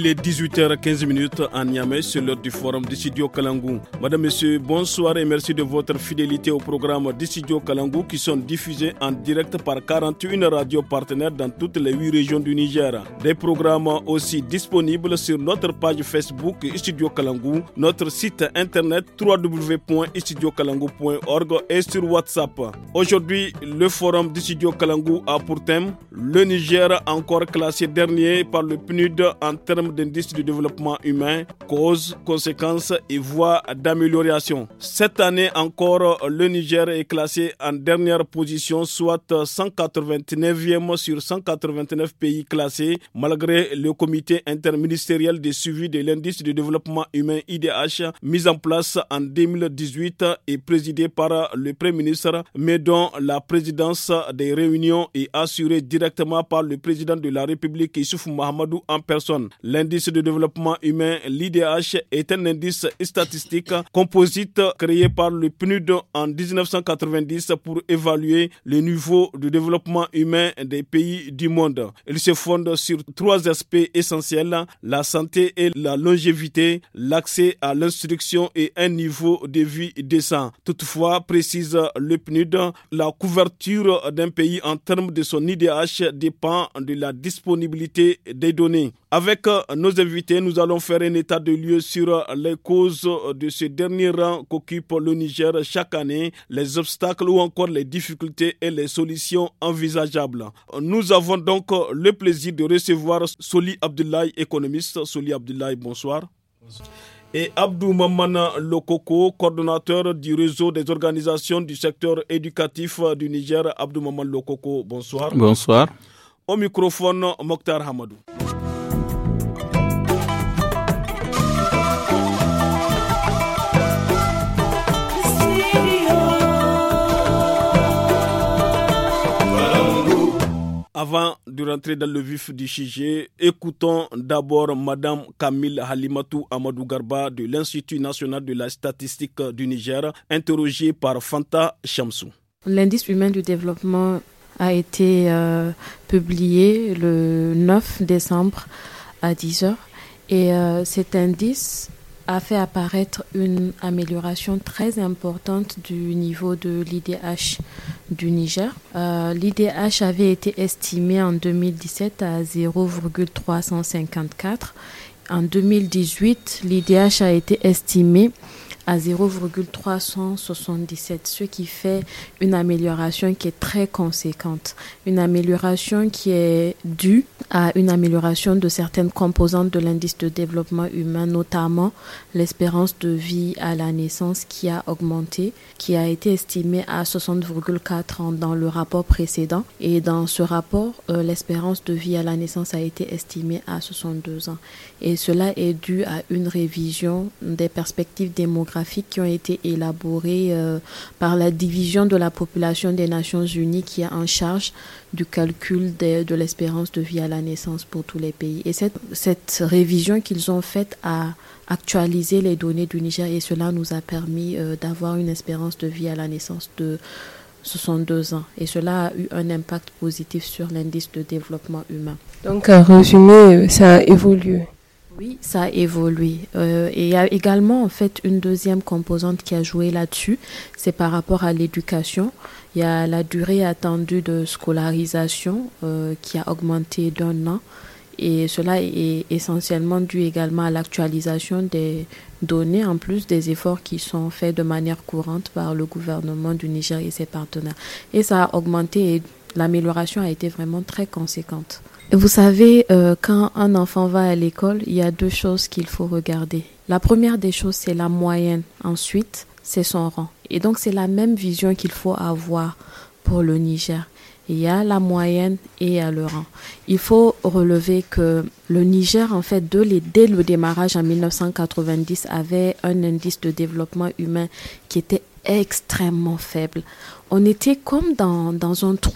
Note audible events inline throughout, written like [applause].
Il est 18h15 à Niamey, sur l'heure du forum du Kalangou. Madame, Monsieur, bonsoir et merci de votre fidélité au programme du Kalangou qui sont diffusés en direct par 41 radios partenaires dans toutes les 8 régions du Niger. Des programmes aussi disponibles sur notre page Facebook Studio Kalangou, notre site internet www.studiokalangou.org et sur WhatsApp. Aujourd'hui, le forum du Kalangou a pour thème le Niger encore classé dernier par le PNUD en termes termes d'indice de développement humain, causes, conséquences et voies d'amélioration. Cette année encore, le Niger est classé en dernière position, soit 189e sur 189 pays classés, malgré le comité interministériel de suivi de l'indice de développement humain IDH mis en place en 2018 et présidé par le Premier ministre, mais dont la présidence des réunions est assurée directement par le président de la République Issoufou Mahamadou en personne. L'indice de développement humain, l'IDH, est un indice statistique composite créé par le PNUD en 1990 pour évaluer le niveau de développement humain des pays du monde. Il se fonde sur trois aspects essentiels, la santé et la longévité, l'accès à l'instruction et un niveau de vie décent. Toutefois, précise le PNUD, la couverture d'un pays en termes de son IDH dépend de la disponibilité des données. Avec nos invités, nous allons faire un état de lieu sur les causes de ce dernier rang qu'occupe le Niger chaque année, les obstacles ou encore les difficultés et les solutions envisageables. Nous avons donc le plaisir de recevoir Soli Abdoulaye, économiste. Soli Abdoulaye, bonsoir. et Abdou Mamana Lokoko, coordonnateur du réseau des organisations du secteur éducatif du Niger. Abdou Maman Lokoko, bonsoir. Bonsoir. Au microphone, Mokhtar Hamadou. Avant de rentrer dans le vif du sujet, écoutons d'abord Madame Camille Halimatou Amadou Garba de l'Institut national de la statistique du Niger, interrogée par Fanta Chamsou. L'indice humain du développement a été euh, publié le 9 décembre à 10h. Et euh, cet indice a fait apparaître une amélioration très importante du niveau de l'IDH du Niger. Euh, L'IDH avait été estimé en 2017 à 0,354. En 2018, l'IDH a été estimé à 0,377, ce qui fait une amélioration qui est très conséquente, une amélioration qui est due à une amélioration de certaines composantes de l'indice de développement humain, notamment l'espérance de vie à la naissance qui a augmenté, qui a été estimée à 60,4 ans dans le rapport précédent. Et dans ce rapport, euh, l'espérance de vie à la naissance a été estimée à 62 ans. Et cela est dû à une révision des perspectives démographiques qui ont été élaborées euh, par la division de la population des Nations Unies qui est en charge du calcul de, l'espérance de vie à la naissance pour tous les pays. Et cette, révision qu'ils ont faite a actualisé les données du Niger et cela nous a permis euh, d'avoir une espérance de vie à la naissance de 62 ans. Et cela a eu un impact positif sur l'indice de développement humain. Donc, à résumé, ça a évolué. Oui, ça a évolué. Euh, et il y a également en fait une deuxième composante qui a joué là-dessus, c'est par rapport à l'éducation. Il y a la durée attendue de scolarisation euh, qui a augmenté d'un an. Et cela est essentiellement dû également à l'actualisation des données, en plus des efforts qui sont faits de manière courante par le gouvernement du Niger et ses partenaires. Et ça a augmenté et l'amélioration a été vraiment très conséquente. Vous savez, euh, quand un enfant va à l'école, il y a deux choses qu'il faut regarder. La première des choses, c'est la moyenne. Ensuite, c'est son rang. Et donc, c'est la même vision qu'il faut avoir pour le Niger. Il y a la moyenne et il y a le rang. Il faut relever que le Niger, en fait, dès le démarrage en 1990, avait un indice de développement humain qui était extrêmement faible. On était comme dans, dans un trou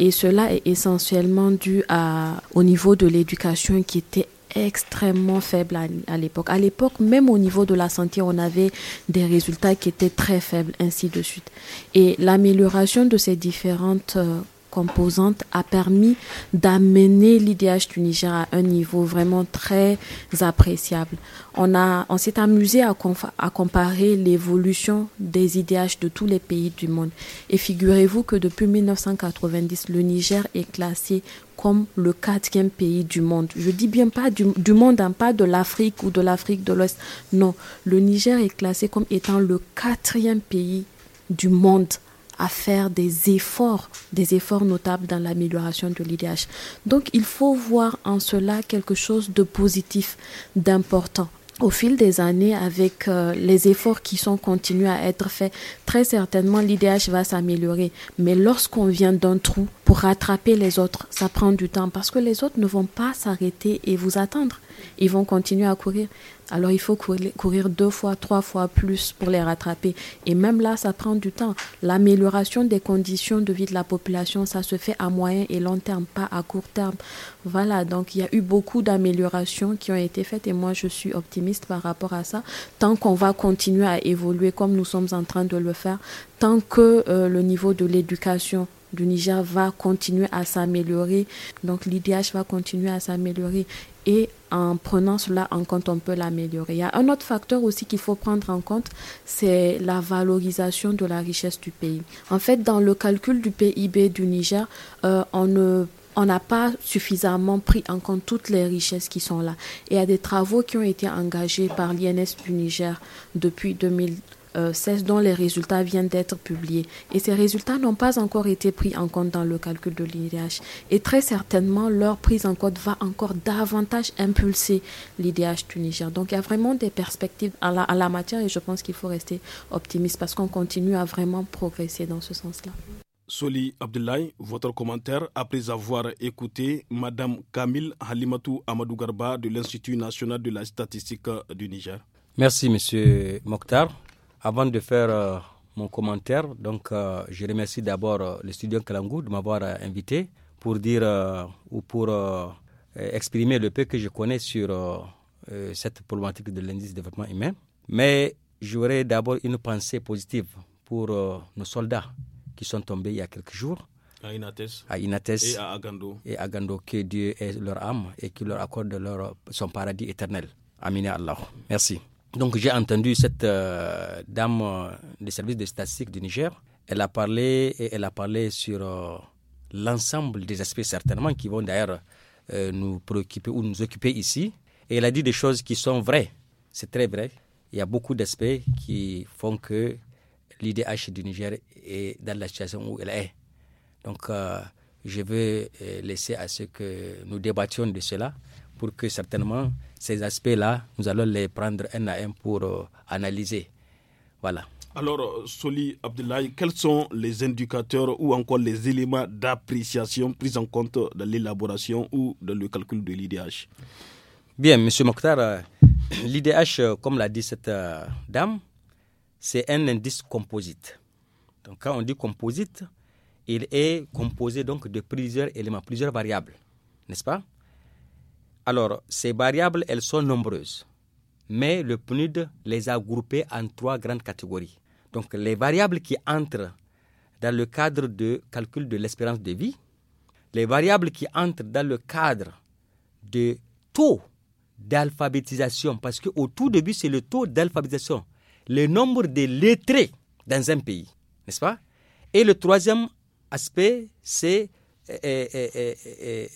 et cela est essentiellement dû à, au niveau de l'éducation qui était extrêmement faible à, l'époque. À l'époque, même au niveau de la santé, on avait des résultats qui étaient très faibles, ainsi de suite. Et l'amélioration de ces différentes euh, composante a permis d'amener l'IDH du Niger à un niveau vraiment très appréciable. On, on s'est amusé à, comparer l'évolution des IDH de tous les pays du monde. Et figurez-vous que depuis 1990, le Niger est classé comme le quatrième pays du monde. Je dis bien pas du, monde, en hein, pas de l'Afrique ou de l'Afrique de l'Ouest. Non, le Niger est classé comme étant le quatrième pays du monde à faire des efforts, des efforts notables dans l'amélioration de l'IDH. Donc il faut voir en cela quelque chose de positif, d'important au fil des années, avec euh, les efforts qui sont continués à être faits, très certainement l'IDH va s'améliorer. Mais lorsqu'on vient d'un trou, pour rattraper les autres, ça prend du temps parce que les autres ne vont pas s'arrêter et vous attendre. Ils vont continuer à courir. Alors il faut courir deux fois, trois fois plus pour les rattraper. Et même là, ça prend du temps. L'amélioration des conditions de vie de la population, ça se fait à moyen et long terme, pas à court terme. Voilà, donc il y a eu beaucoup d'améliorations qui ont été faites et moi je suis optimiste par rapport à ça. Tant qu'on va continuer à évoluer comme nous sommes en train de le faire, tant que euh, le niveau de l'éducation du Niger va continuer à s'améliorer, donc l'IDH va continuer à s'améliorer et en prenant cela en compte, on peut l'améliorer. Il y a un autre facteur aussi qu'il faut prendre en compte, c'est la valorisation de la richesse du pays. En fait, dans le calcul du PIB du Niger, euh, on ne n'a pas suffisamment pris en compte toutes les richesses qui sont là. Et il y a des travaux qui ont été engagés par l'INS du Niger depuis 2000, euh, dont les résultats viennent d'être publiés. Et ces résultats n'ont pas encore été pris en compte dans le calcul de l'IDH. Et très certainement, leur prise en compte va encore davantage impulser l'IDH tunisien Donc il y a vraiment des perspectives à la, matière et je pense qu'il faut rester optimiste parce qu'on continue à vraiment progresser dans ce sens-là. Soli Abdoulaye, votre commentaire après avoir écouté Madame Kamil Halimatou Amadou Garba de l'Institut national de la statistique du Niger. Merci, Monsieur Mokhtar. Avant de faire euh, mon commentaire, donc, euh, je remercie d'abord euh, le studio Kalangou de m'avoir invité pour dire ou pour exprimer le peu que je connais sur cette problématique de l'indice de développement humain. Mais j'aurais d'abord une pensée positive pour nos soldats qui sont tombés il y a quelques jours. À Inates. À Et à Agando. Et à que Dieu ait leur âme et qu'il leur accorde leur, son paradis éternel. Amine Allah. Merci. Donc j'ai entendu cette euh, dame euh, des services de statistiques du Niger. Elle a parlé et elle a parlé sur euh, l'ensemble des aspects certainement qui vont d'ailleurs nous préoccuper ou nous occuper ici. Et elle a dit des choses qui sont vraies. C'est très vrai. Il y a beaucoup d'aspects qui font que l'IDH du Niger est dans la situation où elle est. Donc je veux laisser à ce que nous débattions de cela pour que certainement ces aspects-là, nous allons les prendre un à un pour euh, analyser. Voilà. Alors, Soli Abdoulaye, quels sont les indicateurs ou encore les éléments d'appréciation pris en compte dans l'élaboration ou dans le calcul de l'IDH Bien, M. Mokhtar, euh, l'IDH, euh, comme l'a dit cette dame, c'est un indice composite. Donc, quand on dit composite, il est composé donc de plusieurs éléments, plusieurs variables, n'est-ce pas alors, ces variables, elles sont nombreuses, mais le PNUD les a groupées en trois grandes catégories. Donc, les variables qui entrent dans le cadre de calcul de l'espérance de vie, les variables qui entrent dans le cadre de taux d'alphabétisation, parce qu'au tout début, c'est le taux d'alphabétisation, le nombre de lettrés dans un pays, n'est-ce pas Et le troisième aspect, c'est euh, euh, euh,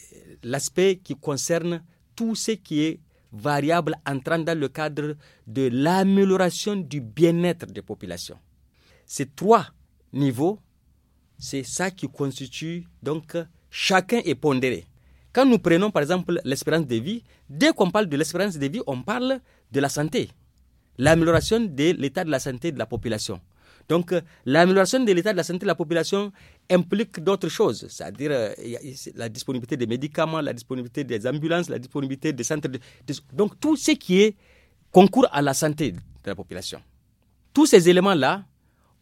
l'aspect qui concerne tout ce qui est variable entrant dans le cadre de l'amélioration du bien-être des populations. Ces trois niveaux, c'est ça qui constitue donc chacun est pondéré. Quand nous prenons par exemple l'espérance de vie, dès qu'on parle de l'espérance de vie, on parle de la santé, l'amélioration de l'état de la santé de la population. Donc, euh, l'amélioration de l'état de la santé de la population implique d'autres choses, c'est-à-dire euh, la disponibilité des médicaments, la disponibilité des ambulances, la disponibilité des centres. De... Donc, tout ce qui est concours à la santé de la population. Tous ces éléments-là,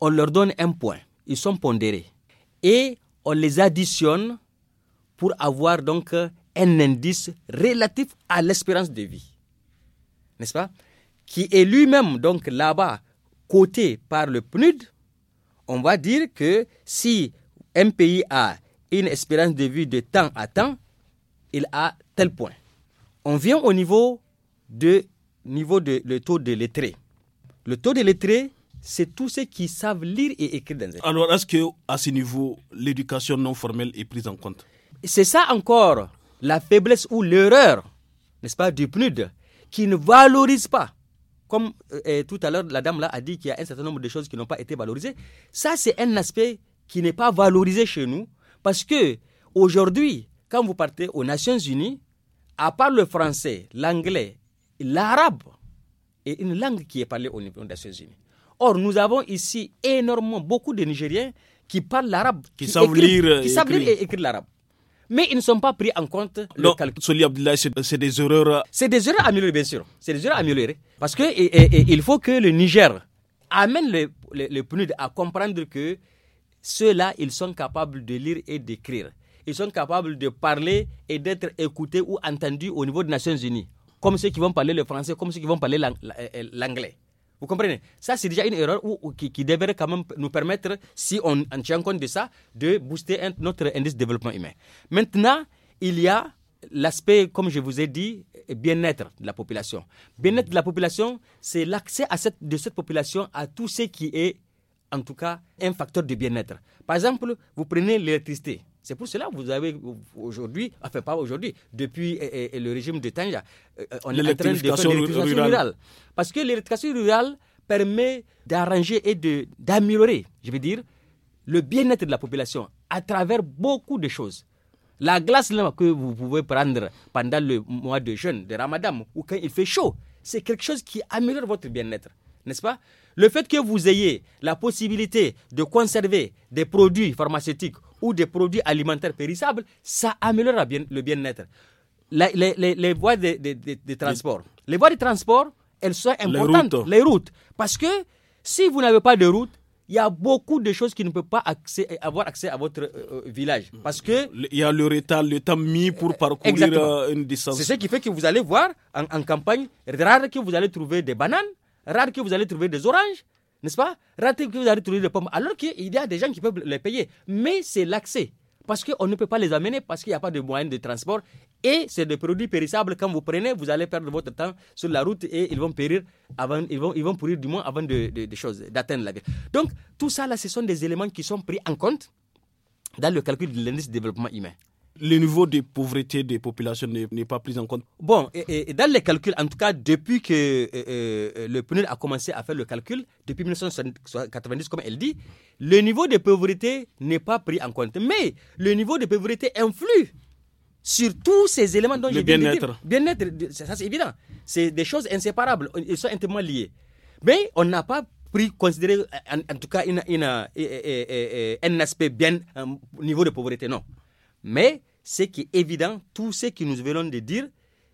on leur donne un point. Ils sont pondérés. Et on les additionne pour avoir donc euh, un indice relatif à l'espérance de vie. N'est-ce pas Qui est lui-même donc là-bas Côté par le PNUD, on va dire que si un pays a une espérance de vie de temps à temps, il a tel point. On vient au niveau de niveau de le taux de lettré. Le taux de lettré, c'est tous ceux qui savent lire et écrire dans Alors, est-ce que à ce niveau, l'éducation non formelle est prise en compte C'est ça encore la faiblesse ou l'erreur, n'est-ce pas, du PNUD, qui ne valorise pas comme euh, tout à l'heure, la dame là a dit qu'il y a un certain nombre de choses qui n'ont pas été valorisées. Ça, c'est un aspect qui n'est pas valorisé chez nous parce que aujourd'hui, quand vous partez aux Nations Unies, à part le français, l'anglais, l'arabe est une langue qui est parlée aux Nations Unies. Or, nous avons ici énormément beaucoup de Nigériens qui parlent l'arabe, qui savent lire et écrire l'arabe mais ils ne sont pas pris en compte. c'est des erreurs. Euh, c'est des améliorées, bien sûr. C'est des Parce que il faut que le Niger amène les les PNUD à comprendre que ceux-là, ils sont capables de lire et d'écrire. Ils sont capables de parler et d'être écoutés ou entendus au niveau des Nations Unies, comme ceux qui vont parler le français, comme ceux qui vont parler euh, l'anglais. Vous comprenez Ça, c'est déjà une erreur qui, devrait quand même nous permettre, si on, tient compte de ça, de booster notre indice de développement humain. Maintenant, il y a l'aspect, comme je vous ai dit, bien-être de la population. Bien-être de la population, c'est l'accès de cette population à tout ce qui est, en tout cas, un facteur de bien-être. Par exemple, vous prenez l'électricité. C'est pour cela que vous avez aujourd'hui, enfin pas aujourd'hui, depuis eh, eh, eh, le régime de Tanja, euh, euh, on est en train de faire rurale. Parce que l'éducation rurale permet d'arranger et d'améliorer, je veux dire, le bien-être de la population à travers beaucoup de choses. La glace que vous pouvez prendre pendant le mois de jeûne, de ramadan, ou quand il fait chaud, c'est quelque chose qui améliore votre bien-être, n'est-ce pas Le fait que vous ayez la possibilité de conserver des produits pharmaceutiques ou des produits alimentaires périssables, ça améliorera bien, le bien-être. Les, voies de, transport. Les voies de transport, elles sont importantes. Les routes. Parce que si vous n'avez pas de route, il y a beaucoup de choses qui ne peuvent pas avoir accès à votre euh, euh, village. Parce que. Il y a le retard, le temps mis pour parcourir euh, une distance. C'est ce qui fait que vous allez voir en campagne, rare que vous allez trouver des bananes, rare que vous allez trouver des oranges, n'est-ce pas Rater que vous allez trouver des pommes, alors qu'il y a des gens qui peuvent les payer. Mais c'est l'accès, parce qu'on ne peut pas les amener, parce qu'il n'y a pas de moyens de transport. Et c'est des produits périssables. Quand vous prenez, vous allez perdre votre temps sur la route et ils vont périr, avant, ils, vont, ils vont pourrir du moins avant de, de, choses, d'atteindre la ville. Donc, tout ça, là, ce sont des éléments qui sont pris en compte dans le calcul de l'indice de développement humain le niveau de pauvreté des populations n'est pas pris en compte. Bon, et, dans les calculs, en tout cas, depuis que euh, euh, euh, le PNUD a commencé à faire le calcul, depuis 1990, comme elle dit, le niveau de pauvreté n'est pas pris en compte. Mais le niveau de pauvreté influe sur tous ces éléments dont Le bien-être. Bien-être, ça c'est évident. C'est des choses inséparables, ils sont intimement liés. Mais on n'a pas pris considéré, en, tout cas, un aspect bien, un niveau de pauvreté, non. Mais ce qui est évident, tout ce que nous venons de dire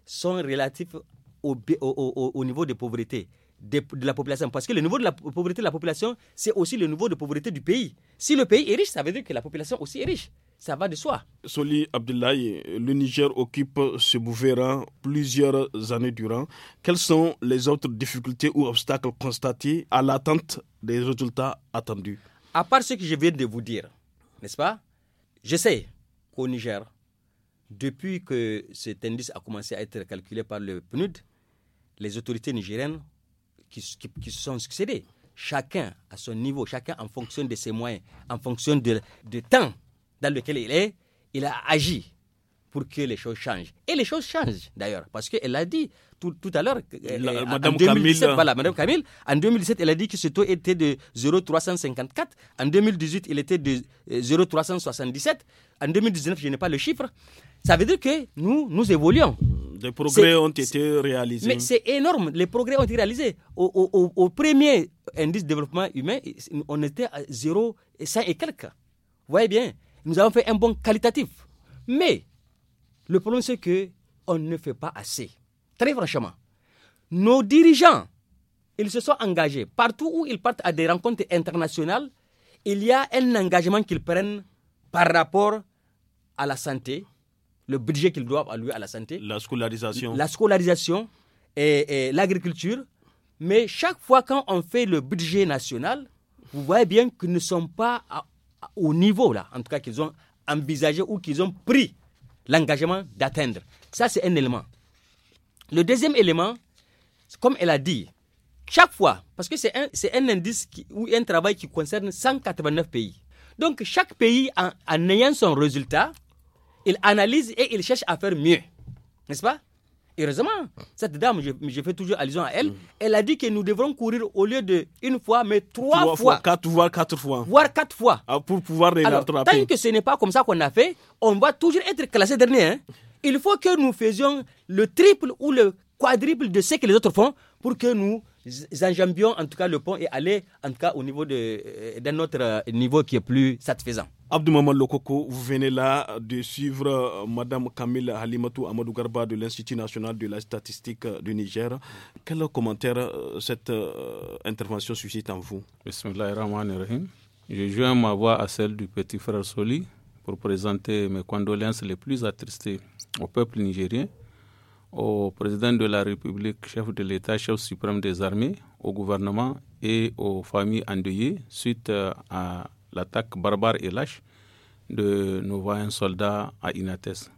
sont relatifs au, niveau de pauvreté de, la population. Parce que le niveau de la pauvreté de la population, c'est aussi le niveau de pauvreté du pays. Si le pays est riche, ça veut dire que la population aussi est riche. Ça va de soi. Soli Abdoulaye, le Niger occupe ce bouvera plusieurs années durant. Quelles sont les autres difficultés ou obstacles constatés à l'attente des résultats attendus À part ce que je viens de vous dire, n'est-ce pas J'essaie. Au Niger, depuis que cet indice a commencé à être calculé par le PNUD, les autorités nigériennes qui, qui, sont succédées, chacun à son niveau, chacun en fonction de ses moyens, en fonction du de, de, temps dans lequel il est, il a agi pour que les choses changent. Et les choses changent d'ailleurs, parce qu'elle a dit, tout, tout à l'heure. Euh, Madame Camille. en 2017, elle a dit que ce taux était de 0,354. En 2018, il était de 0,377. Euh, en 2019, je n'ai pas le chiffre. Ça veut dire que nous, nous évoluons. Mm, des progrès ont été réalisés. Mais c'est énorme, les progrès ont été réalisés. Au, au, premier indice de développement humain, on était à 0, et quelques. Vous voyez bien, nous avons fait un bon qualitatif. Mais le problème, c'est que on ne fait pas assez. Très franchement, nos dirigeants, ils se sont engagés. Partout où ils partent à des rencontres internationales, il y a un engagement qu'ils prennent par rapport à la santé, le budget qu'ils doivent allouer à la santé. La scolarisation. La scolarisation et, l'agriculture. Mais chaque fois quand on fait le budget national, vous voyez bien qu'ils ne sont pas au niveau, là, en tout cas qu'ils ont envisagé ou qu'ils ont pris l'engagement d'atteindre. Ça, c'est un élément. Le deuxième élément, comme elle a dit, chaque fois, parce que c'est un, indice ou un travail qui concerne 189 pays. Donc chaque pays, en, ayant son résultat, il analyse et il cherche à faire mieux. N'est-ce pas Heureusement, cette dame, je, fais toujours allusion à elle, mm. elle a dit que nous devrons courir au lieu de une fois, mais trois, fois, Quatre, voire quatre fois. Voire quatre fois. Ah, pour pouvoir les Alors, Tant que ce n'est pas comme ça qu'on a fait, on va toujours être classé dernier. Hein il faut que nous faisions le triple ou le quadruple de ce que les autres font pour que nous enjambions en tout cas le pont et aller en tout cas au niveau euh, d'un autre euh, niveau qui est plus satisfaisant. Abdou Lokoko, vous venez là de suivre euh, Madame Camille Halimatou Amadou Garba de l'Institut national de la statistique du Niger. Quel commentaire cette intervention suscite en vous Je joins ma voix à celle du petit frère Soli pour présenter mes condoléances les plus attristées au peuple nigérien, au président de la République, chef de l'État, chef suprême des armées, au gouvernement et aux familles endeuillées suite euh, à l'attaque barbare et lâche de nos voyants soldats à Inates.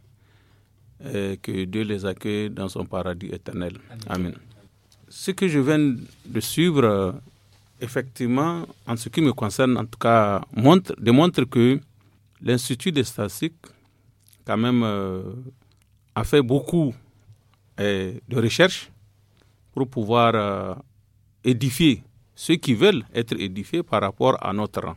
Euh, que Dieu les accueille dans son paradis éternel. Amen. Ce que je viens de suivre, effectivement, en ce qui me concerne en tout cas, montre, démontre que l'Institut des statistiques, quand même, euh, a fait beaucoup eh, de recherches pour pouvoir euh, édifier ceux qui veulent être édifiés par rapport à notre rang.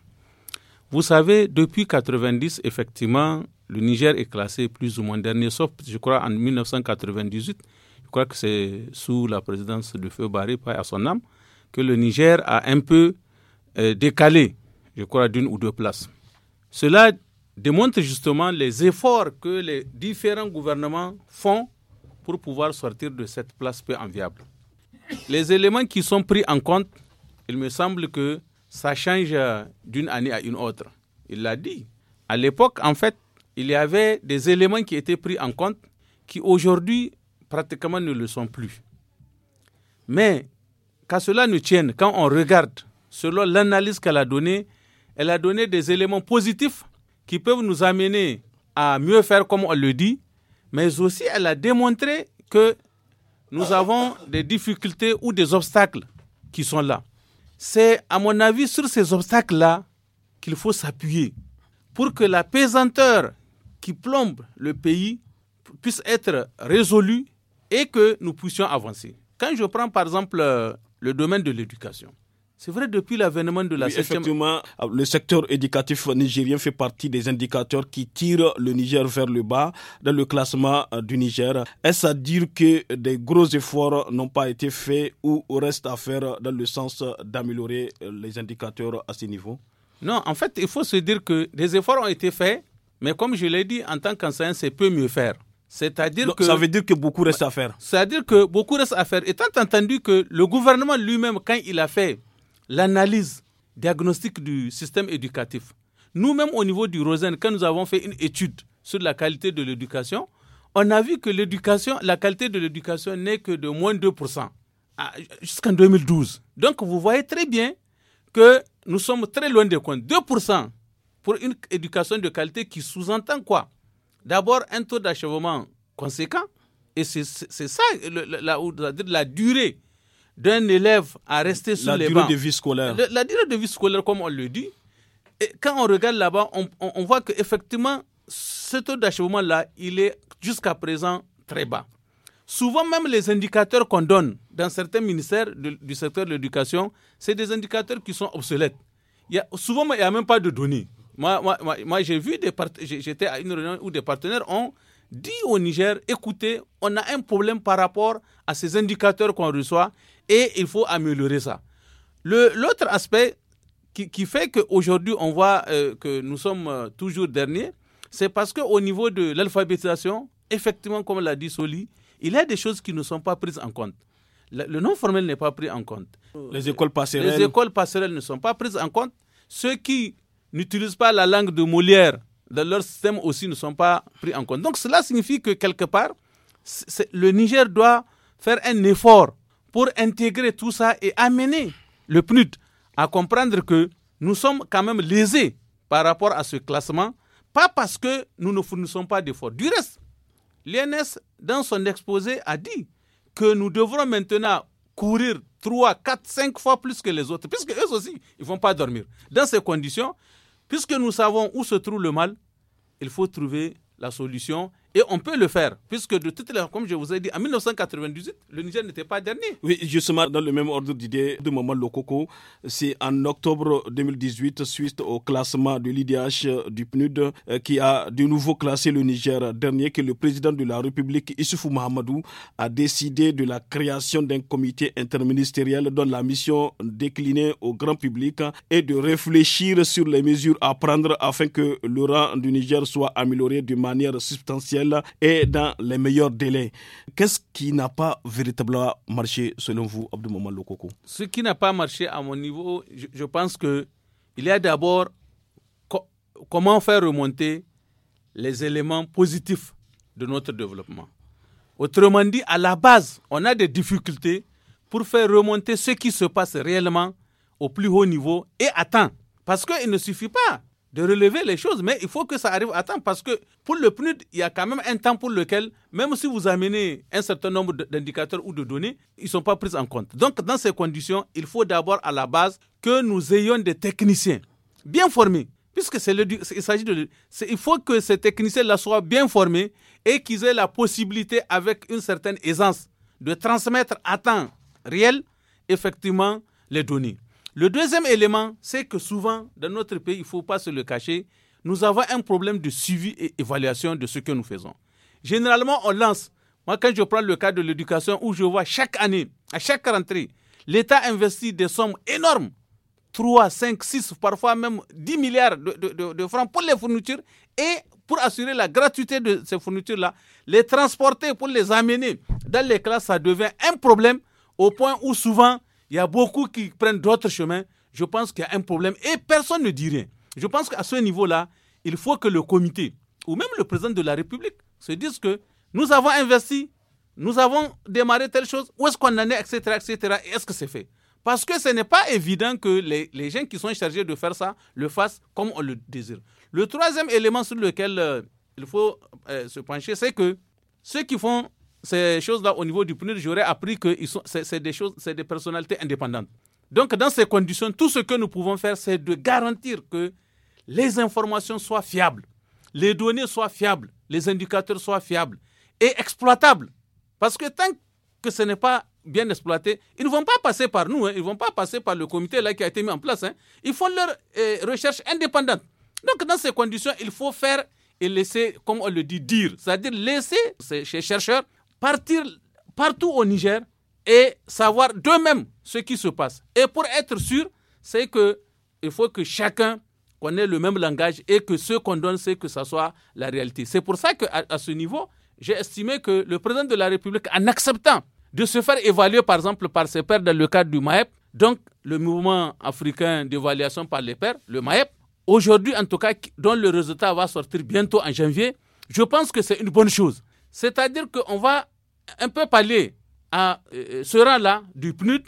Vous savez, depuis 1990, effectivement, le Niger est classé plus ou moins dernier, sauf, je crois, en 1998. Je crois que c'est sous la présidence de Feu Barré, pas à son âme, que le Niger a un peu euh, décalé, je crois, d'une ou deux places. Cela démontre justement les efforts que les différents gouvernements font pour pouvoir sortir de cette place peu enviable. Les éléments qui sont pris en compte, il me semble que ça change d'une année à une autre. Il l'a dit. À l'époque, en fait, il y avait des éléments qui étaient pris en compte qui aujourd'hui pratiquement ne le sont plus. Mais qu'à cela ne tienne, quand on regarde, selon l'analyse qu'elle a donnée, elle a donné des éléments positifs qui peuvent nous amener à mieux faire comme on le dit, mais aussi à a démontré que nous avons des difficultés ou des obstacles qui sont là. C'est à mon avis sur ces obstacles-là qu'il faut s'appuyer pour que la pesanteur qui plombe le pays puisse être résolue et que nous puissions avancer. Quand je prends par exemple euh, le domaine de l'éducation, c'est vrai depuis l'avènement de la Effectivement, ah, le secteur éducatif nigérien fait partie des indicateurs qui tirent le Niger vers le bas dans le classement euh, du Niger. Est-ce à dire que des gros efforts n'ont pas été faits ou reste à faire dans le sens d'améliorer euh, les indicateurs à ce niveau Non, en fait, il faut se dire que des efforts ont été faits, mais comme je l'ai dit, en tant qu'enseignant, c'est peu mieux faire. C'est-à-dire que. Ça veut dire que beaucoup reste à faire. C'est-à-dire que beaucoup reste à faire. Étant entendu que le gouvernement lui-même, quand il a fait l'analyse diagnostique du système éducatif. Nous-mêmes, au niveau du Rosen, quand nous avons fait une étude sur la qualité de l'éducation, on a vu que l'éducation, la qualité de l'éducation n'est que de moins 2% jusqu'en 2012. Donc, vous voyez très bien que nous sommes très loin des comptes. 2% pour une éducation de qualité qui sous-entend quoi D'abord, un taux d'achèvement conséquent. Et c'est ça, la durée d'un élève à rester sur les bancs. La durée de vie scolaire. la durée de vie scolaire, comme on le dit. Et quand on regarde là-bas, on, on, que voit qu'effectivement, ce taux d'achèvement-là, il est jusqu'à présent très bas. Souvent, même les indicateurs qu'on donne dans certains ministères du secteur de l'éducation, c'est des indicateurs qui sont obsolètes. Il y a, souvent, il n'y a même pas de données. Moi, moi, moi j'ai vu des j'étais à une réunion où des partenaires ont dit au Niger, écoutez, on a un problème par rapport à ces indicateurs qu'on reçoit et il faut améliorer ça. L'autre aspect qui, fait qu'aujourd'hui, on voit euh, que nous sommes euh, toujours derniers, c'est parce qu'au niveau de l'alphabétisation, effectivement, comme l'a dit Soli, il y a des choses qui ne sont pas prises en compte. Le, le non formel n'est pas pris en compte. Les écoles passerelles. Les écoles passerelles ne sont pas prises en compte. Ceux qui n'utilisent pas la langue de Molière dans leur système aussi ne sont pas pris en compte. Donc cela signifie que quelque part, le Niger doit faire un effort pour intégrer tout ça et amener le PNUD à comprendre que nous sommes quand même lésés par rapport à ce classement, pas parce que nous ne fournissons pas d'efforts. Du reste, l'INS, dans son exposé, a dit que nous devrons maintenant courir 3, 4, 5 fois plus que les autres, puisque eux aussi, ils ne vont pas dormir. Dans ces conditions, Puisque nous savons où se trouve le mal, il faut trouver la solution et on peut le faire, puisque de toute les, comme je vous ai dit, en 1998, le Niger n'était pas dernier. Oui, justement, dans le même ordre d'idée de Maman Lokoko, c'est en octobre 2018, suite au classement de l'IDH euh, du PNUD, euh, qui a de nouveau classé le Niger dernier, que le président de la République, Issoufou Mahamadou, a décidé de la création d'un comité interministériel dont la mission déclinée au grand public est de réfléchir sur les mesures à prendre afin que le rang du Niger soit amélioré de manière substantielle et dans les meilleurs délais. Qu'est-ce qui n'a pas véritablement marché selon vous, Abdoumaman Lokoko Ce qui n'a pas marché à mon niveau, je, pense que il y a d'abord comment faire remonter les éléments positifs de notre développement. Autrement dit, à la base, on a des difficultés pour faire remonter ce qui se passe réellement au plus haut niveau et à temps. Parce qu'il ne suffit pas de relever les choses, mais il faut que ça arrive à temps parce que pour le PNUD, il y a quand même un temps pour lequel, même si vous amenez un certain nombre d'indicateurs ou de données, ils ne sont pas pris en compte. Donc, dans ces conditions, il faut d'abord à la base que nous ayons des techniciens bien formés, puisque c'est il s'agit de. Il faut que ces techniciens-là soient bien formés et qu'ils aient la possibilité, avec une certaine aisance, de transmettre à temps réel, effectivement, les données. Le deuxième élément, c'est que souvent, dans notre pays, il ne faut pas se le cacher, nous avons un problème de suivi et évaluation de ce que nous faisons. Généralement, on lance. Moi, quand je prends le cas de l'éducation, où je vois chaque année, à chaque rentrée, l'État investit des sommes énormes, 3, 5, 6, parfois même 10 milliards de, de francs pour les fournitures et pour assurer la gratuité de ces fournitures-là, les transporter pour les amener dans les classes, ça devient un problème au point où souvent il y a beaucoup qui prennent d'autres chemins. Je pense qu'il y a un problème et personne ne dit rien. Je pense qu'à ce niveau-là, il faut que le comité ou même le président de la République se dise que nous avons investi, nous avons démarré telle chose, où est-ce qu'on en est, etc., etc., et est-ce que c'est fait Parce que ce n'est pas évident que les, gens qui sont chargés de faire ça le fassent comme on le désire. Le troisième élément sur lequel euh, il faut euh, se pencher, c'est que ceux qui font ces choses-là au niveau du PNUD, j'aurais appris que c'est des choses, c'est des personnalités indépendantes. Donc, dans ces conditions, tout ce que nous pouvons faire, c'est de garantir que les informations soient fiables, les données soient fiables, les indicateurs soient fiables et exploitables. Parce que tant que ce n'est pas bien exploité, ils ne vont pas passer par nous, hein. ils ne vont pas passer par le comité là qui a été mis en place. Hein. Ils font leur euh, recherche indépendante. Donc, dans ces conditions, il faut faire et laisser, comme on le dit, dire, c'est-à-dire laisser ces chercheurs partir partout au Niger et savoir d'eux-mêmes ce qui se passe. Et pour être sûr, c'est que il faut que chacun connaisse le même langage et que ce qu'on donne, c'est que ça soit la réalité. C'est pour ça qu'à à ce niveau, j'ai estimé que le président de la République, en acceptant de se faire évaluer, par exemple, par ses pairs dans le cadre du MAEP, donc le mouvement africain d'évaluation par les pairs, le MAEP, aujourd'hui en tout cas, dont le résultat va sortir bientôt en janvier, je pense que c'est une bonne chose. C'est-à-dire qu'on va un peu parler à euh, euh, ce rang-là du PNUD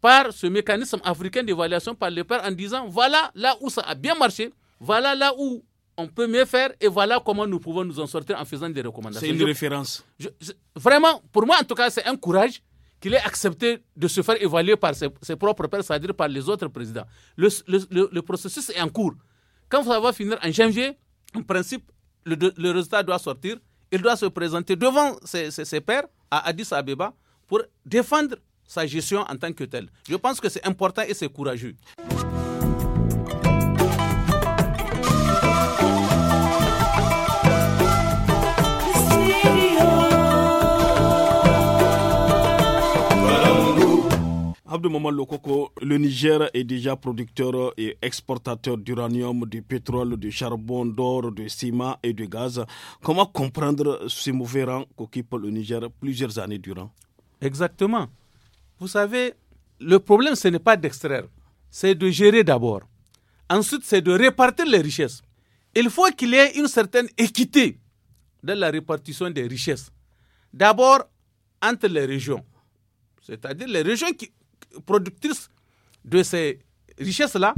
par ce mécanisme africain d'évaluation par les pairs en disant voilà là où ça a bien marché, voilà là où on peut mieux faire et voilà comment nous pouvons nous en sortir en faisant des recommandations. C'est une référence. vraiment, pour moi en tout cas, c'est un courage qu'il ait accepté de se faire évaluer par ses, propres pairs, c'est-à-dire par les autres présidents. Le, processus est en cours. Quand ça va finir en janvier, en principe, le résultat doit sortir il doit se présenter devant ses, pairs à Addis Abeba pour défendre sa gestion en tant que telle. Je pense que c'est important et c'est courageux. De Lokoko, le Niger est déjà producteur et exportateur d'uranium, de pétrole, de charbon, d'or, de ciment et de gaz. Comment comprendre ce mauvais rang qu'occupe le Niger plusieurs années durant Exactement. Vous savez, le problème, ce n'est pas d'extraire, c'est de gérer d'abord. Ensuite, c'est de répartir les richesses. Il faut qu'il y ait une certaine équité dans la répartition des richesses. D'abord, entre les régions. C'est-à-dire les régions qui productrices de ces richesses-là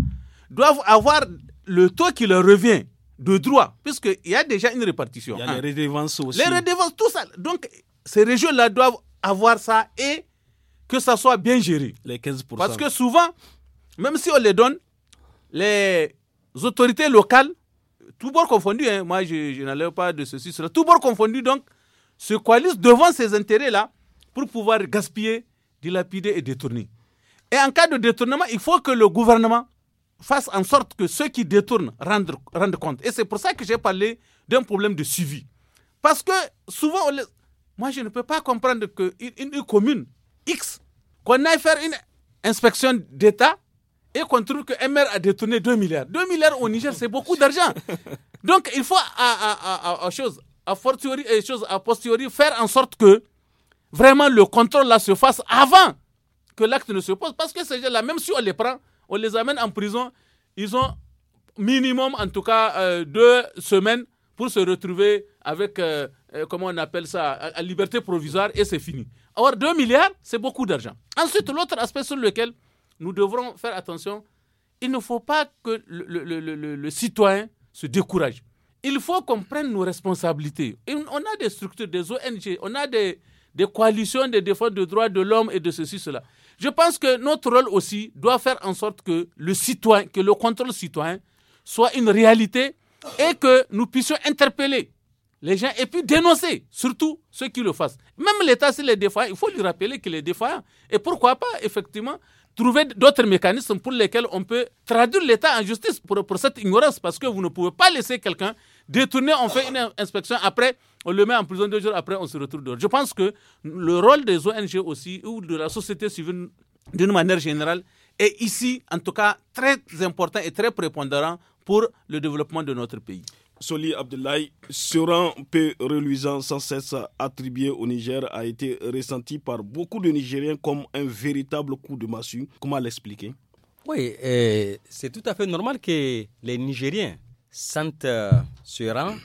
doivent avoir le taux qui leur revient de droit, puisqu'il y a déjà une répartition. les redevances aussi. Les redevances, tout ça. Donc, ces régions-là doivent avoir ça et que ça soit bien géré. Les 15%. Parce que souvent, même si on les donne, les autorités locales, tout bord confondu, hein, moi je, n'allais pas de ceci, cela, tout bord confondu, donc, se coalisent devant ces intérêts-là pour pouvoir gaspiller, dilapider et détourner. Et en cas de détournement, il faut que le gouvernement fasse en sorte que ceux qui détournent rendent, rendent compte. Et c'est pour ça que j'ai parlé d'un problème de suivi. Parce que souvent, moi je ne peux pas comprendre qu'une une commune X, qu'on aille faire une inspection d'État et qu'on trouve que maire a détourné 2 milliards. 2 milliards au Niger, c'est beaucoup d'argent. [laughs] Donc il faut, à, à, à, à chose, euh, posteriori, faire en sorte que vraiment le contrôle là se fasse avant que l'acte ne se pose. Parce que ces gens-là, même si on les prend, on les amène en prison, ils ont minimum, en tout cas, euh, deux semaines pour se retrouver avec, euh, euh, comment on appelle ça, à, liberté provisoire et c'est fini. Or, 2 milliards, c'est beaucoup d'argent. Ensuite, l'autre aspect sur lequel nous devrons faire attention, il ne faut pas que le, citoyen se décourage. Il faut qu'on prenne nos responsabilités. on a des structures, des ONG, on a des, des coalitions de défense des droits de l'homme et de ceci, cela. Je pense que notre rôle aussi doit faire en sorte que le citoyen, que le contrôle citoyen soit une réalité et que nous puissions interpeller les gens et puis dénoncer, surtout ceux qui le fassent. Même l'État, s'il est défaillant, il faut lui rappeler qu'il est défaillant. Et pourquoi pas, effectivement, trouver d'autres mécanismes pour lesquels on peut traduire l'État en justice pour cette ignorance, parce que vous ne pouvez pas laisser quelqu'un détourner, on fait une inspection, après, on le met en prison deux jours après, on se retrouve dehors. Je pense que le rôle des ONG aussi, ou de la société civile d'une manière générale, est ici, en tout cas, très important et très prépondérant pour le développement de notre pays. Soli Abdoulaye, ce rang peu reluisant sans cesse attribué au Niger a été ressenti par beaucoup de Nigériens comme un véritable coup de massue. Comment l'expliquer Oui, c'est tout à fait normal que les Nigériens sentent euh, ce rang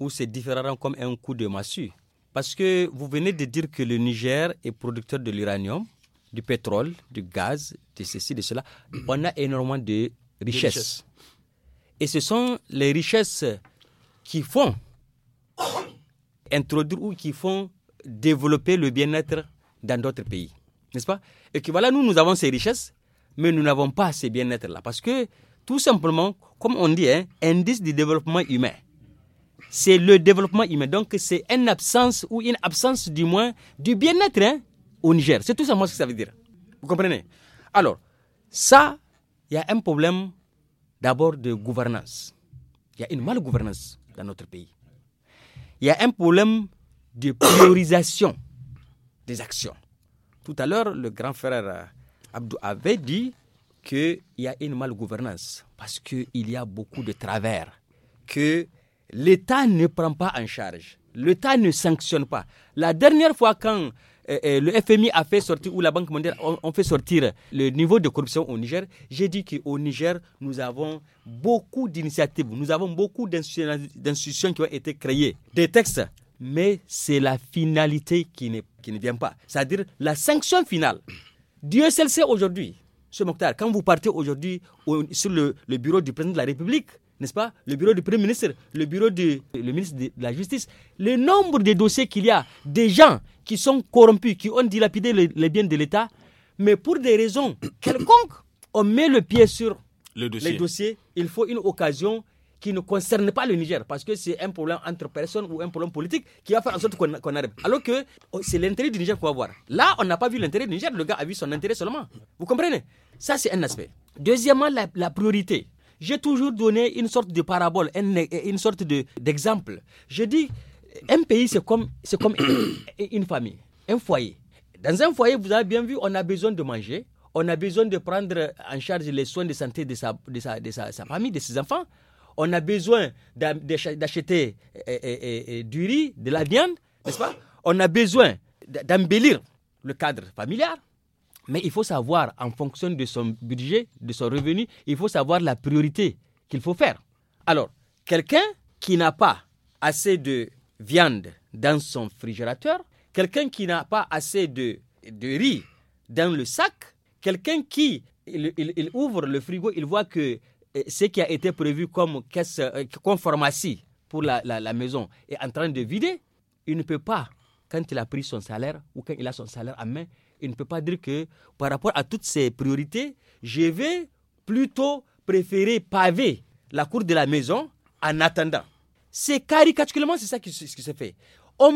ou c'est différent comme un coup de massue. Parce que vous venez de dire que le Niger est producteur de l'uranium, du pétrole, du gaz, de ceci, de cela. Mm-hmm. On a énormément de richesses. Et ce sont les richesses qui font introduire ou qui font développer le bien-être dans d'autres pays. N'est-ce pas Et que voilà, nous, nous avons ces richesses, mais nous n'avons pas ces bien-être-là. Parce que, tout simplement, comme on dit, hein, indice du développement humain c'est le développement humain. Donc, c'est une absence ou une absence du moins du bien-être hein, au Niger. C'est tout simplement ce que ça veut dire. Vous comprenez Alors, ça, il y a un problème d'abord de gouvernance. Il y a une mal-gouvernance dans notre pays. Il y a un problème de [coughs] priorisation des actions. Tout à l'heure, le grand frère euh, Abdou avait dit qu'il y a une mal-gouvernance parce qu'il y a beaucoup de travers, que l'État ne prend pas en charge. L'État ne sanctionne pas. La dernière fois quand eh, eh, le FMI a fait sortir, ou la Banque mondiale ont fait sortir le niveau de corruption au Niger, j'ai dit qu'au Niger, nous avons beaucoup d'initiatives, nous avons beaucoup d'institutions qui ont été créées, des textes, mais c'est la finalité qui ne, vient pas. C'est-à-dire la sanction finale. Dieu seul sait aujourd'hui, ce Mokhtar, quand vous partez aujourd'hui sur le bureau du président de la République, n'est-ce pas Le bureau du Premier ministre, le bureau du le ministre de la Justice, le nombre de dossiers qu'il y a, des gens qui sont corrompus, qui ont dilapidé les, biens de l'État, mais pour des raisons [coughs] quelconques, on met le pied sur le dossier. les dossiers. Il faut une occasion qui ne concerne pas le Niger, parce que c'est un problème entre personnes ou un problème politique qui va faire en sorte qu'on arrive. Alors que oh, c'est l'intérêt du Niger qu'on va voir. Là, on n'a pas vu l'intérêt du Niger, le gars a vu son intérêt seulement. Vous comprenez Ça, c'est un aspect. Deuxièmement, la, la priorité. J'ai toujours donné une sorte de parabole, une, une sorte d'exemple. je dis, un pays, c'est comme, comme [coughs] une famille, un foyer. Dans un foyer, vous avez bien vu, on a besoin de manger, on a besoin de prendre en charge les soins de santé de sa, de de sa famille, de ses enfants. On a besoin d'acheter eh, eh, eh, du riz, de la viande, n'est-ce pas On a besoin d'embellir le cadre familial. Mais il faut savoir, en fonction de son budget, de son revenu, il faut savoir la priorité qu'il faut faire. Alors, quelqu'un qui n'a pas assez de viande dans son frigérateur, quelqu'un qui n'a pas assez de, de, riz dans le sac, quelqu'un qui il, ouvre le frigo, il voit que eh, ce qui a été prévu comme, caisse, euh, pharmacie pour la, la, la maison est en train de vider, il ne peut pas, quand il a pris son salaire ou quand il a son salaire à main, il ne peut pas dire que par rapport à toutes ces priorités, je vais plutôt préférer paver la cour de la maison en attendant. C'est caricaturellement, c'est ça qui, ce qui se fait. On,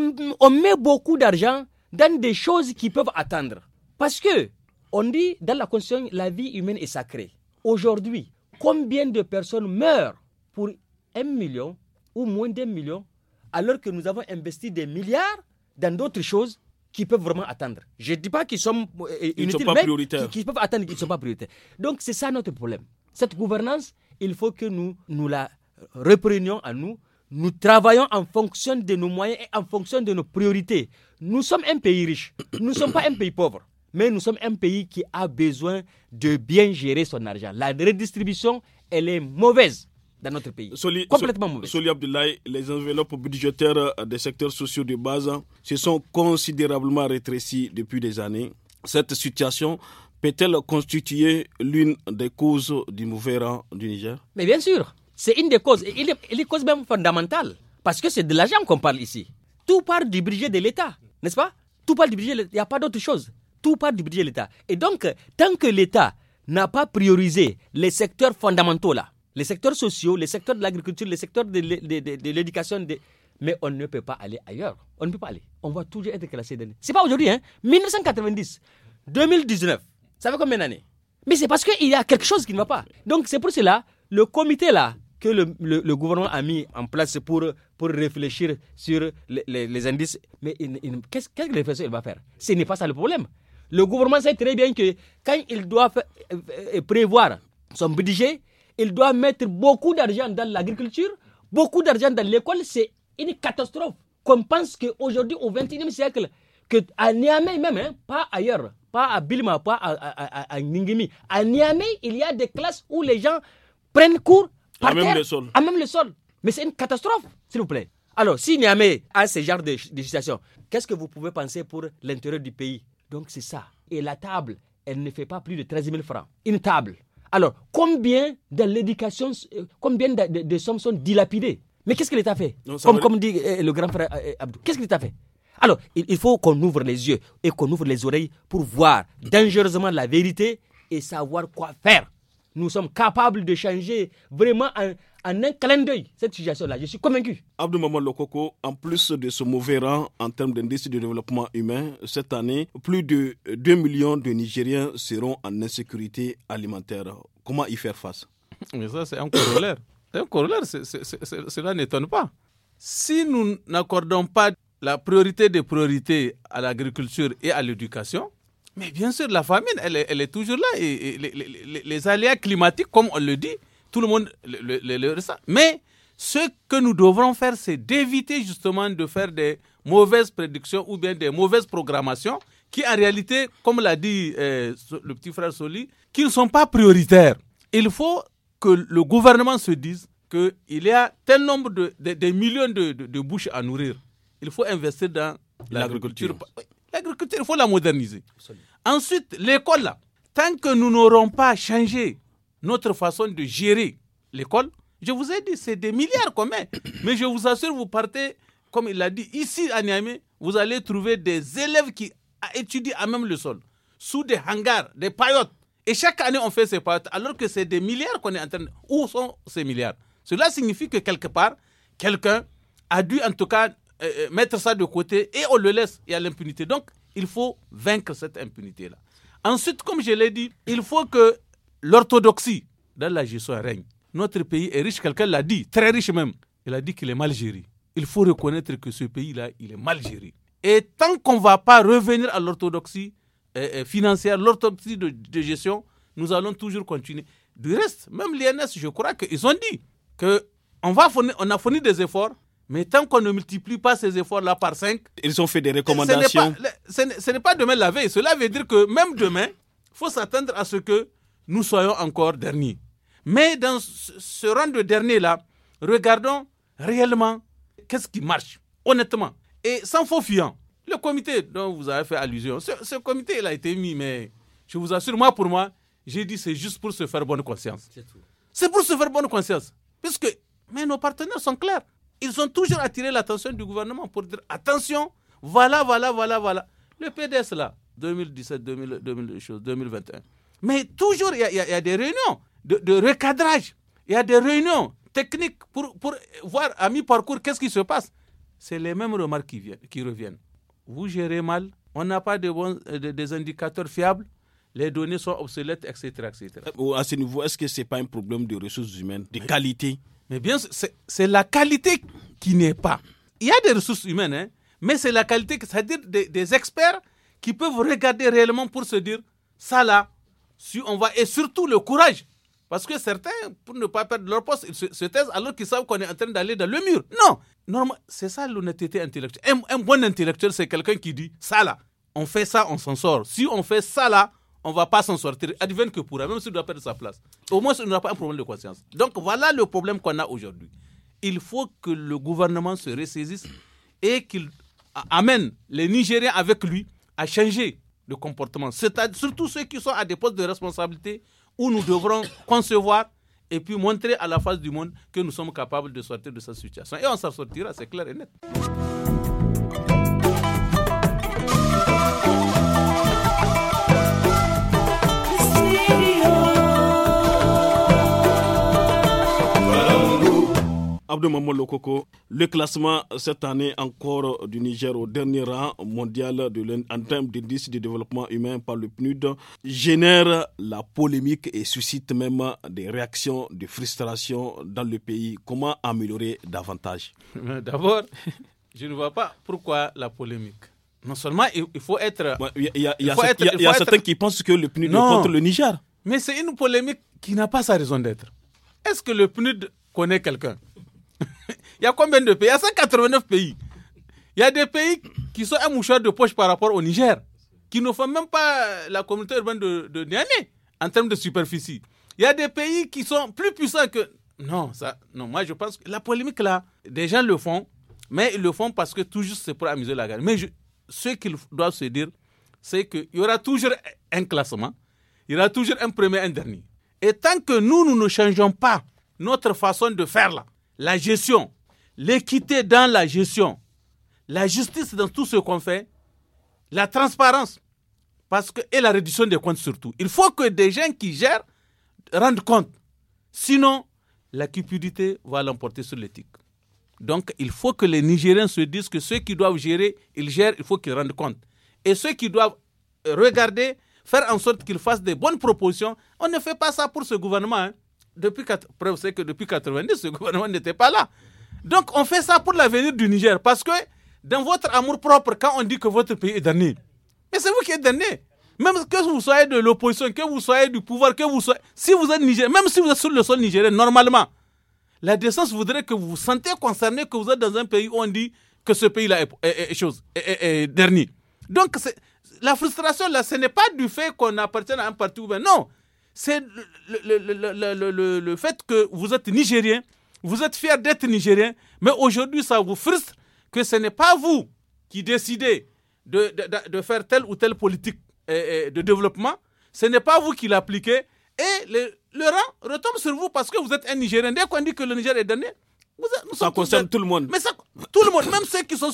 met beaucoup d'argent dans des choses qui peuvent attendre. Parce que on dit dans la Constitution, la vie humaine est sacrée. Aujourd'hui, combien de personnes meurent pour un million ou moins d'un million alors que nous avons investi des milliards dans d'autres choses qui peuvent vraiment attendre. Je ne dis pas qu'ils sont euh, euh, sont pas prioritaires. Qui, peuvent attendre, ne sont pas prioritaires. Donc c'est ça notre problème. Cette gouvernance, il faut que nous, nous la reprenions à nous. Nous travaillons en fonction de nos moyens et en fonction de nos priorités. Nous sommes un pays riche. Nous ne sommes pas un pays pauvre. Mais nous sommes un pays qui a besoin de bien gérer son argent. La redistribution, elle est mauvaise dans notre pays. Complètement mauvais. Soli Abdoulaye, les enveloppes budgétaires euh, des secteurs sociaux de base hein, se sont considérablement rétrécies depuis des années. Cette situation peut-elle constituer l'une des causes du mouvement du Niger Mais bien sûr, c'est une des causes, et une cause même fondamentale, parce que c'est de l'argent qu'on parle ici. Tout part du budget de l'État, n'est-ce pas Tout part du budget, il n'y a pas d'autre chose. Tout part du budget de l'État. Et donc, tant que l'État n'a pas priorisé les secteurs fondamentaux là, les secteurs sociaux, les secteurs de l'agriculture, les secteurs de l'éducation, de, mais on ne peut pas aller ailleurs. On ne peut pas aller. On va toujours être classé. Ce n'est pas aujourd'hui, hein. 1990, 2019, ça fait combien d'années Mais c'est parce qu'il y a quelque chose qui ne va pas. Donc c'est pour cela, le comité là, que le, gouvernement a mis en place pour, pour réfléchir sur les, indices. Mais qu'est-ce quelle réflexion il va faire Ce n'est pas ça le problème. Le gouvernement sait très bien que quand il doit euh, euh, prévoir son budget, il doit mettre beaucoup d'argent dans l'agriculture, beaucoup d'argent dans l'école. C'est une catastrophe qu'on pense qu'aujourd'hui, au XXIe siècle, que à Niamey même, hein, pas ailleurs, pas à Bilma, pas à, à, à, Ningimi, à Niamey, il y a des classes où les gens prennent cours par à, terre, même le sol. à même le sol. Mais c'est une catastrophe, s'il vous plaît. Alors, si Niamey a ce genre de, de situation, qu'est-ce que vous pouvez penser pour l'intérieur du pays Donc, c'est ça. Et la table, elle ne fait pas plus de 13 000 francs. Une table. Alors, combien de l'éducation, euh, combien de, sommes sont dilapidées Mais qu'est-ce qu'il a fait comme, dit euh, le grand frère euh, Abdou, qu'est-ce qu'il a fait Alors, il faut qu'on ouvre les yeux et qu'on ouvre les oreilles pour voir dangereusement la vérité et savoir quoi faire nous sommes capables de changer vraiment en, un clin d'œil cette situation-là. Je suis convaincu. Abdou Maman Lokoko, en plus de ce mauvais rang en termes d'indice de développement humain, cette année, plus de 2 millions de Nigériens seront en insécurité alimentaire. Comment y faire face Mais ça, c'est un corollaire. C'est un corollaire, cela n'étonne pas. Si nous n'accordons pas la priorité des priorités à l'agriculture et à l'éducation, mais bien sûr, la famine, elle, est, toujours là. Et, les, aléas climatiques, comme on le dit, tout le monde le, le, ressent. Mais ce que nous devrons faire, c'est d'éviter justement de faire des mauvaises prédictions ou bien des mauvaises programmations qui, en réalité, comme l'a dit euh, le petit frère Soli, qui ne sont pas prioritaires. Il faut que le gouvernement se dise qu'il y a tel nombre de, millions de, de, bouches à nourrir. Il faut investir dans l'agriculture. L'agriculture, il faut la moderniser. Ensuite, l'école, là, tant que nous n'aurons pas changé notre façon de gérer l'école, je vous ai dit, c'est des milliards qu'on met. [coughs] Mais je vous assure, vous partez, comme il l'a dit, ici à Niamey, vous allez trouver des élèves qui étudient à même le sol, sous des hangars, des paillotes. Et chaque année, on fait ces paillotes, alors que c'est des milliards qu'on est en train de... Où sont ces milliards Cela signifie que quelque part, quelqu'un a dû en tout cas euh, euh, mettre ça de côté et on le laisse. Il y a l'impunité. Donc, il faut vaincre cette impunité-là. Ensuite, comme je l'ai dit, il faut que l'orthodoxie dans la gestion règne. Notre pays est riche, quelqu'un l'a dit, très riche même. Il a dit qu'il est mal géré. Il faut reconnaître que ce pays-là, il est mal géré. Et tant qu'on ne va pas revenir à l'orthodoxie euh, financière, l'orthodoxie de, gestion, nous allons toujours continuer. Du reste, même l'INS, je crois qu'ils ont dit qu'on on a fourni des efforts mais tant qu'on ne multiplie pas ces efforts-là par 5, ils ont fait des recommandations. Ce n'est pas, demain la veille. Cela veut dire que même demain, il faut s'attendre à ce que nous soyons encore derniers. Mais dans ce rang de dernier-là, regardons réellement qu'est-ce qui marche, honnêtement. Et sans faux fuyant, le comité dont vous avez fait allusion, ce, ce comité, il a été mis, mais je vous assure, moi, pour moi, j'ai dit c'est juste pour se faire bonne conscience. C'est pour se faire bonne conscience. Puisque, mais nos partenaires sont clairs. Ils ont toujours attiré l'attention du gouvernement pour dire attention, voilà, voilà, voilà, voilà. Le PDS là, 2017, 2021. Mais toujours, il y, a des réunions de, recadrage. Il y a des réunions techniques pour, voir à mi-parcours qu'est-ce qui se passe. C'est les mêmes remarques qui, reviennent. Vous gérez mal, on n'a pas de des indicateurs fiables, les données sont obsolètes, etc. etc. À ce niveau, est-ce que ce n'est pas un problème de ressources humaines, de qualité mais bien, c'est la qualité qui n'est pas. Il y a des ressources humaines, hein, mais c'est la qualité, c'est-à-dire des, experts qui peuvent regarder réellement pour se dire, ça là, si on va, et surtout le courage. Parce que certains, pour ne pas perdre leur poste, ils se, taisent alors qu'ils savent qu'on est en train d'aller dans le mur. Non, c'est ça l'honnêteté intellectuelle. un bon intellectuel, c'est quelqu'un qui dit, ça là, on fait ça, on s'en sort. Si on fait ça là, on ne va pas s'en sortir. Advienne que pourra, même s'il doit perdre sa place. Au moins, ne n'aura pas un problème de conscience. Donc voilà le problème qu'on a aujourd'hui. Il faut que le gouvernement se ressaisisse et qu'il amène les Nigériens avec lui à changer de comportement. surtout ceux qui sont à des postes de responsabilité où nous devrons concevoir et puis montrer à la face du monde que nous sommes capables de sortir de cette situation. Et on s'en sortira, c'est clair et net. Abdelmaman Lokoko, le classement cette année encore du Niger au dernier rang mondial en termes d'indice de développement humain par le PNUD génère la polémique et suscite même des réactions de frustration dans le pays. Comment améliorer davantage D'abord, [laughs] je ne vois pas pourquoi la polémique. Non seulement il faut être. Il y a, certains qui pensent que le PNUD est contre le Niger. Mais c'est une polémique qui n'a pas sa raison d'être. Est-ce que le PNUD connaît quelqu'un [laughs] Il y a combien de pays Il y a 189 pays. Il y a des pays qui sont un mouchoir de poche par rapport au Niger, qui ne font même pas la communauté urbaine de, de en termes de superficie. Il y a des pays qui sont plus puissants que. Non, ça, non, moi je pense que la polémique là, des gens le font, mais ils le font parce que toujours c'est pour amuser la guerre. Mais ce qu'ils doivent se dire, c'est qu'il y aura toujours un classement, il y aura toujours un premier, un dernier. Et tant que nous, nous ne changeons pas notre façon de faire là, la gestion, l'équité dans la gestion, la justice dans tout ce qu'on fait, la transparence parce que, et la réduction des comptes surtout. Il faut que des gens qui gèrent rendent compte. Sinon, la cupidité va l'emporter sur l'éthique. Donc, il faut que les Nigériens se disent que ceux qui doivent gérer, ils gèrent, il faut qu'ils rendent compte. Et ceux qui doivent euh, regarder, faire en sorte qu'ils fassent des bonnes propositions, on ne fait pas ça pour ce gouvernement. Hein depuis, preuve, c'est que depuis 90, ce gouvernement n'était pas là. Donc on fait ça pour l'avenir du Niger, parce que dans votre amour-propre, quand on dit que votre pays est dernier, mais c'est vous qui êtes dernier. Même que vous soyez de l'opposition, que vous soyez du pouvoir, que vous soyez... Si vous êtes Niger, même si vous êtes sur le sol nigérien, normalement, la décence voudrait que vous vous sentez concerné, que vous êtes dans un pays où on dit que ce pays-là est, est, dernier. Donc, la frustration, là, ce n'est pas du fait qu'on appartient à un parti ou bien non c'est le, fait que vous êtes nigérien, vous êtes fier d'être nigérien, mais aujourd'hui ça vous frustre que ce n'est pas vous qui décidez de, faire telle ou telle politique de développement, ce n'est pas vous qui l'appliquez, et le, rang retombe sur vous parce que vous êtes un Nigérien. Dès qu'on dit que le Niger est donné, ça concerne tout le monde. Mais ça, tout le monde, même ceux qui sont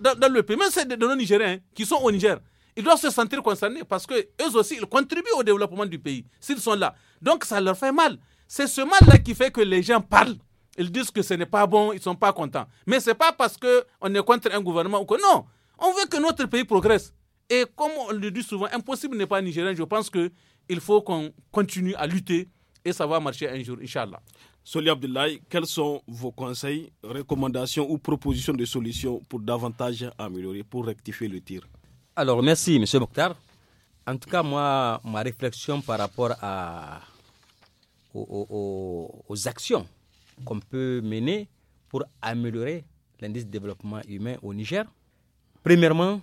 dans, le pays, même ceux de, nos Nigériens hein, qui sont au Niger ils doivent se sentir concernés parce que eux aussi, ils contribuent au développement du pays s'ils sont là. Donc ça leur fait mal. C'est ce mal-là qui fait que les gens parlent. Ils disent que ce n'est pas bon, ils ne sont pas contents. Mais ce n'est pas parce qu'on est contre un gouvernement ou que non. On veut que notre pays progresse. Et comme on le dit souvent, impossible n'est pas nigérien. Je pense qu'il faut qu'on continue à lutter et ça va marcher un jour, Inch'Allah. Soli Abdullah, quels sont vos conseils, recommandations ou propositions de solutions pour davantage améliorer, pour rectifier le tir alors, merci, M. Mokhtar. En tout cas, moi, ma réflexion par rapport à, aux, actions qu'on peut mener pour améliorer l'indice de développement humain au Niger, premièrement,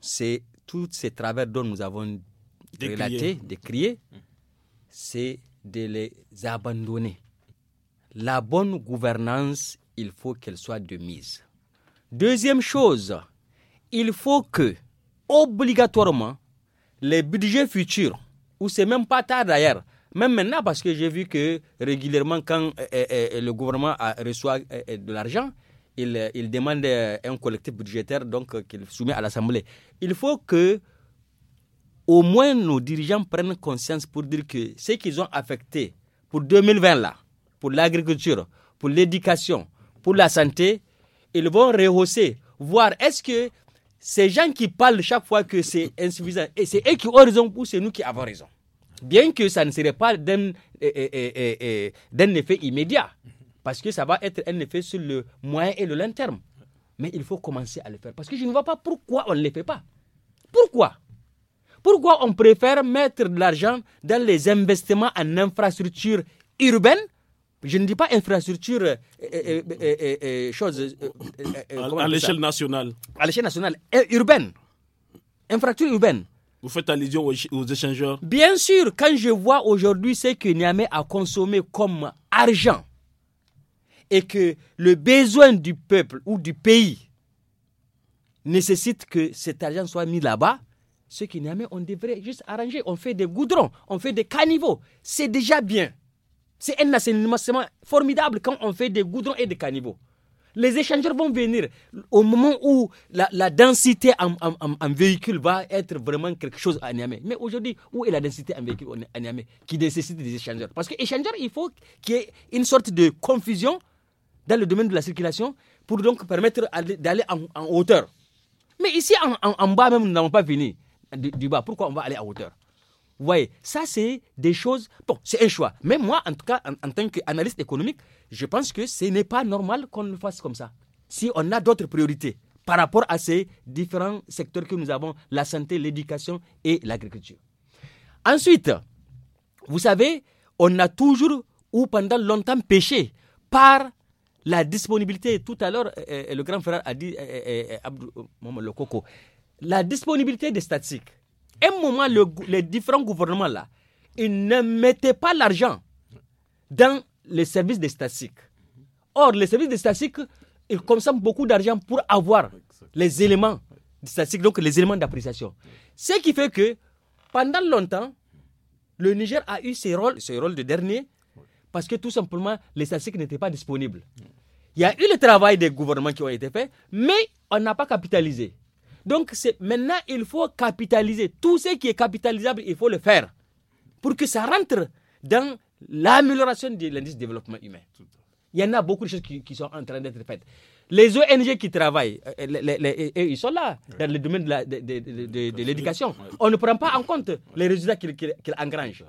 c'est tous ces travers dont nous avons décrié. relaté, décrié, c'est de les abandonner. La bonne gouvernance, il faut qu'elle soit de mise. Deuxième chose, il faut que obligatoirement les budgets futurs, ou c'est même pas tard d'ailleurs, même maintenant parce que j'ai vu que régulièrement quand euh, euh, euh, le gouvernement reçoit de l'argent, il, il, demande un collectif budgétaire donc qu'il soumet à l'Assemblée. Il faut que au moins nos dirigeants prennent conscience pour dire que ce qu'ils ont affecté pour 2020 là, pour l'agriculture, pour l'éducation, pour la santé, ils vont rehausser. Voir est-ce que ces gens qui parlent chaque fois que c'est insuffisant, et c'est eux qui ont raison ou c'est nous qui avons raison. Bien que ça ne serait pas euh, euh, euh, d'un effet immédiat, parce que ça va être un effet sur le moyen et le long terme. Mais il faut commencer à le faire, parce que je ne vois pas pourquoi on ne le fait pas. Pourquoi Pourquoi on préfère mettre de l'argent dans les investissements en infrastructures urbaines je ne dis pas infrastructure, à, l'échelle nationale. À l'échelle nationale, urbaine. Infrastructure urbaine. Vous faites allusion aux, échangeurs Bien sûr, quand je vois aujourd'hui ce que Niamey a consommé comme argent et que le besoin du peuple ou du pays nécessite que cet argent soit mis là-bas, ce que Niamey, on devrait juste arranger. On fait des goudrons, on fait des caniveaux. C'est déjà bien. C'est un assainissement formidable quand on fait des goudrons et des caniveaux. Les échangeurs vont venir au moment où la, densité en, véhicule va être vraiment quelque chose à Niamey. Mais aujourd'hui, où est la densité en véhicule à Niamey qui nécessite des échangeurs Parce que il faut qu'il y ait une sorte de confusion dans le domaine de la circulation pour donc permettre d'aller en, hauteur. Mais ici, en, bas même, nous n'avons pas fini du, du bas. Pourquoi on va aller en hauteur Ouais, ça c'est des choses. Bon, c'est un choix. Mais moi, en tout cas, en, tant qu'analyste économique, je pense que ce n'est pas normal qu'on le fasse comme ça. Si on a d'autres priorités par rapport à ces différents secteurs que nous avons, la santé, l'éducation et l'agriculture. Ensuite, vous savez, on a toujours ou pendant longtemps pêché par la disponibilité. Tout à l'heure, euh, euh, le grand frère a dit, euh, le coco, la disponibilité des statistiques un moment, les différents gouvernements, là, ils ne mettaient pas l'argent dans les services des statistiques. Or, les services des statistiques, ils consomment beaucoup d'argent pour avoir les éléments statistiques, donc les éléments d'appréciation. Ce qui fait que, pendant longtemps, le Niger a eu ses rôles, ses rôles de dernier, parce que tout simplement, les statistiques n'étaient pas disponibles. Il y a eu le travail des gouvernements qui ont été faits, mais on n'a pas capitalisé. Donc maintenant, il faut capitaliser. Tout ce qui est capitalisable, il faut le faire pour que ça rentre dans l'amélioration de l'indice de développement humain. Il y en a beaucoup de choses qui, sont en train d'être faites. Les ONG qui travaillent, euh, ils sont là, dans le domaine de l'éducation. On ne prend pas en compte les résultats qu'ils engrangent.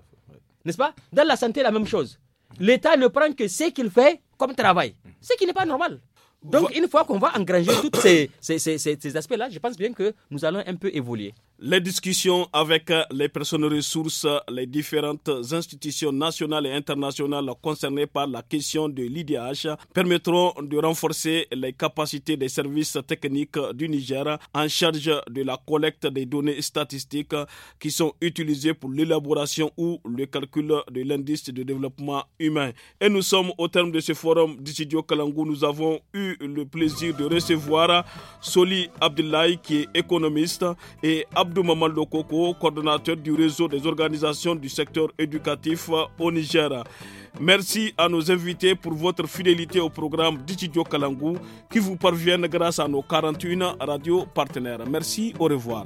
N'est-ce pas Dans la santé, la même chose. L'État ne prend que ce qu'il fait comme travail, ce qui n'est pas normal. Donc, une fois qu'on va engranger tous ces, aspects-là, je pense bien que nous allons un peu évoluer. Les discussions avec les personnes ressources, les différentes institutions nationales et internationales concernées par la question de l'IDH permettront de renforcer les capacités des services techniques du Niger en charge de la collecte des données statistiques qui sont utilisées pour l'élaboration ou le calcul de l'indice de développement humain. Et nous sommes au terme de ce forum d'Issidio Kalangou. Nous avons eu le plaisir de recevoir Soli Abdoulaye qui est économiste et Abdel Abdou Mamadou Koko, coordonnateur du réseau des organisations du secteur éducatif euh, au Niger. Merci à nos invités pour votre fidélité au programme Digidio Kalangu qui vous parviennent grâce à nos 41 radios partenaires. Merci, au revoir.